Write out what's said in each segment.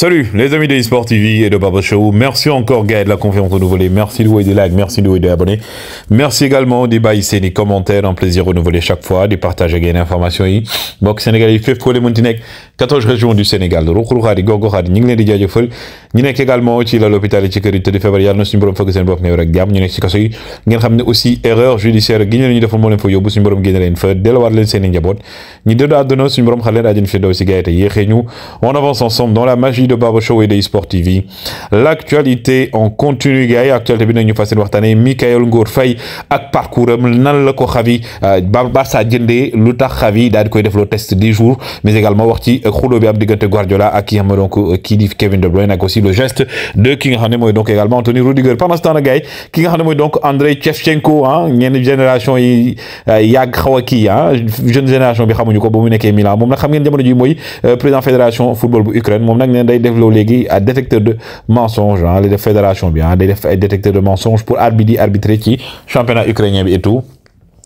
Salut les amis de eSport TV et de Papa Show. Merci encore Gaël de la confiance renouvelée. Merci de vous des likes, merci de vous des abonnés. Merci également des bails ici des commentaires. Un plaisir renouvelé chaque fois. de partager et des informations. Bok Sénégal, il fait pour les Montenegro. 14 régions du Sénégal. Rokuruha, des Gogoha, des Ningle, des Diadjofol. Nous nek également à l'hôpital et sécurité de février. Nous sommes pour le faire bof néo gam. Nous sommes Nous sommes aussi erreur judiciaire. Nous sommes pour le faire yobus. Nous sommes générer une fête. Dès le voir les Sénégal. Nous sommes dans la donne. Nous sommes pour le faire aussi Gaël et Yéhénou. On avance ensemble dans la magie de Baba Show et de eSport TV l'actualité en continue gars actualité bi nag ñu fas yéene waxtaanee Mikayil Ngor Faye ak parcours am nan la ko Xavi euh, ba Barça jëndee lu tax Xavi daal di def test des jours mais également wax ci xuloo bi am Guardiola ak ki donc qui euh, dit Kevin De Bruyne ak aussi le geste de ki nga xam donc également Anthony Rudiger pendant ce temps gars ki nga donc Andrei Shevchenko hein, ñenn génération yi euh, yàgg xaw hein, jeune génération bi xamuñu ko ba mu nekkee Milan moom nag xam ngeen jamono ji président fédération football bu Ukraine moom nag neen développer des détecteur de mensonges hein, les les bien, fédération hein, détecteurs de mensonges pour arbitrer arbitrer qui championnat ukrainien et tout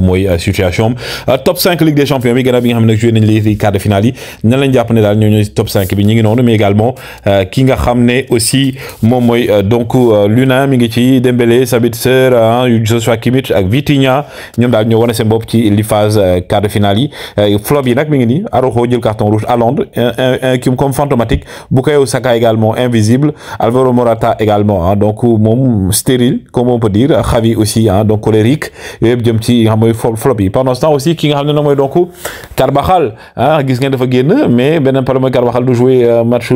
donc euh, situation euh, top 5 Ligue des champions bi gannaaw bi nga xamné joué les quarts de finale yi nan lañ dans les daal ñoo top 5 bi ñi ngi mais également euh, ki nga xamné aussi mon moy donc Luna mi ngi ci Dembélé Sabitzer hein, Joshua Kimmich ak Vitinha ñoom dal ñoo wane seen ci li phase quarts de finale yi flop yi nak mi ngi rouge. Araujo jël carton rouge Haaland comme fantomatique Bukayo Saka également invisible Alvaro Morata également hein, donc mon stérile comme on peut dire Xavi aussi hein, donc colérique Et yëpp jëm ci mooy flop pendant ce temps aussi ki nga xam ne nag mooy donc Carvajal ah gis ngeen dafa génn mais beneen problème mooy Carvajal du jouer euh, match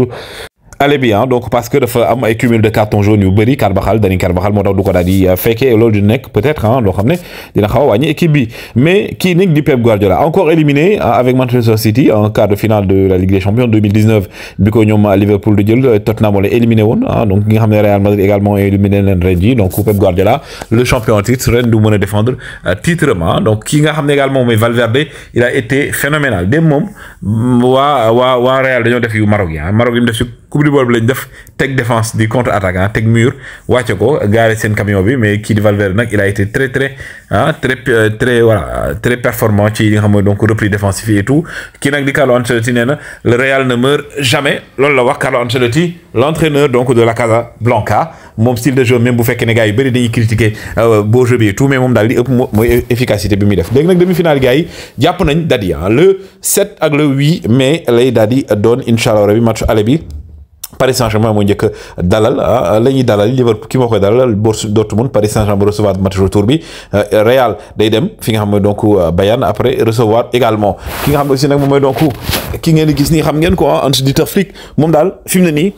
allez bien donc parce que dafa am ay cumul de carton jaune yu bëri Carvajal Dani Carvajal mo tax du ko daal di euh, fekkee loolu du nekk peut-être ah loo dina xaw a équipe bi mais qui nekk du Pep Guardiola encore éliminé hein, avec Manchester City en quart de finale de la Ligue des Champions 2019 bi ko ñom euh, Liverpool de jël euh, Tottenham la éliminé hein, donc ki nga xamné Real Madrid également éliminé leen ren donc Pep Guardiola le champion en titre ren du mën défendre titre donc ki nga xamné également mais Valverde il a été phénoménal Des moments, wa wa wa Real dañu def yu Maroc yi Maroc coupe du boobu def tek défense du contre attaquant tek mur wàcce ko garer sen camion bi mais qui de Valverde nak il a été très très hein très euh, très voilà très performant ci a nga donc repris défensif et tout qui nak di Carlo Ancelotti nee le Real ne meurt jamais loolu la wax Carlo Ancelotti l'entraîneur donc de la casa blanca mon style de jeu même bu fekkee ne gars yi bëri dañuy critiquer euh, beau jeu bi et tout mais mom dal li efficacité bi mi def léegi nak demi-finale gars yi jàpp nañ dadi hein, le 7 ak le 8 mais lay dadi donne inshallah incha match aller bi. Paris Saint-Germain mo njëkk dalal ah, la dalal Liverpool ki mo koy dalal Dortmund Paris Saint-Germain recevoir match retour bi euh, Real day dem fi nga xam moy donc euh, Bayern après recevoir également ki nga xam aussi nak moy donc ki ngeen di gis nii xam ngeen ko entre ah, Dieter Flick mom dal fi mu ne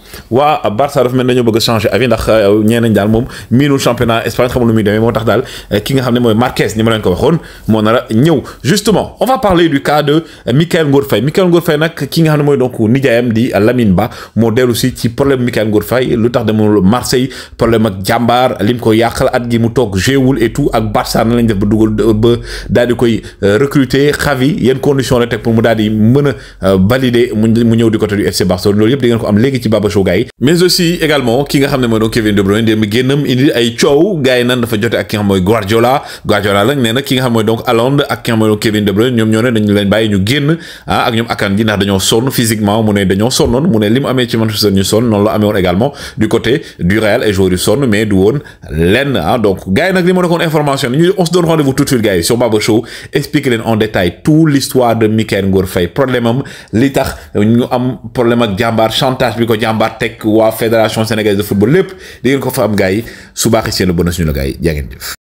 Barça dafa mel dañoo bëgg changer avis ndax euh, ñeneen dal mom miinul championnat Espagne xam lu muy demee moo tax daal ki nga xam ne moy Marquez ni ma leen ko waxoon mo na ñëw justement on va parler du cas de Michael Ngor Michael Mikayil nak ki nga xam moy donc nijaayam di Lamine Ba mo dellu aussi ci problème Mikayil Ngoor Faye lu de Marseille problème ak Jambar lim ko yakal at gi mu tok géewul et tout ak Barça nañ def ba dugal ba dal di koy euh, recruter Xavi yenn condition la teg pour mu dal di meuna valider mu ñëw di côté du FC Barcelone loolu yëpp di ngeen ko am léegi ci Baba Show gay mais aussi également ki nga xamne mo mooy donc Kevin De Bruyne dem génnam indi ay ciow gay nan dafa joté ak ki nga Guardiola Guardiola nag nee na ki nga xam mooy donc Alonde ak ki nga Kevin De Bruyne ñom ñone dañ leen baye ñu génn ah, ak ñom akan di ndax dañoo sonn physiquement mu né dañoo sonnoon mu né lim amé ci Manchester nous sommes, également du côté du Real et joueurs mais du sommes l'un. Ah. donc gars yi nag li information on se donne rendez-vous tout de suite gars sur Baba Show expliquer en détail toute l'histoire de Mikayil Ngor Faye problème l'État, li tax ñu am problème ak jambar chantage bi ko jàmbaar teg waa fédération sénégalaise de football lépp di ngeen ko fa am gars yi subaaxi seen le bonus ñu la gars yi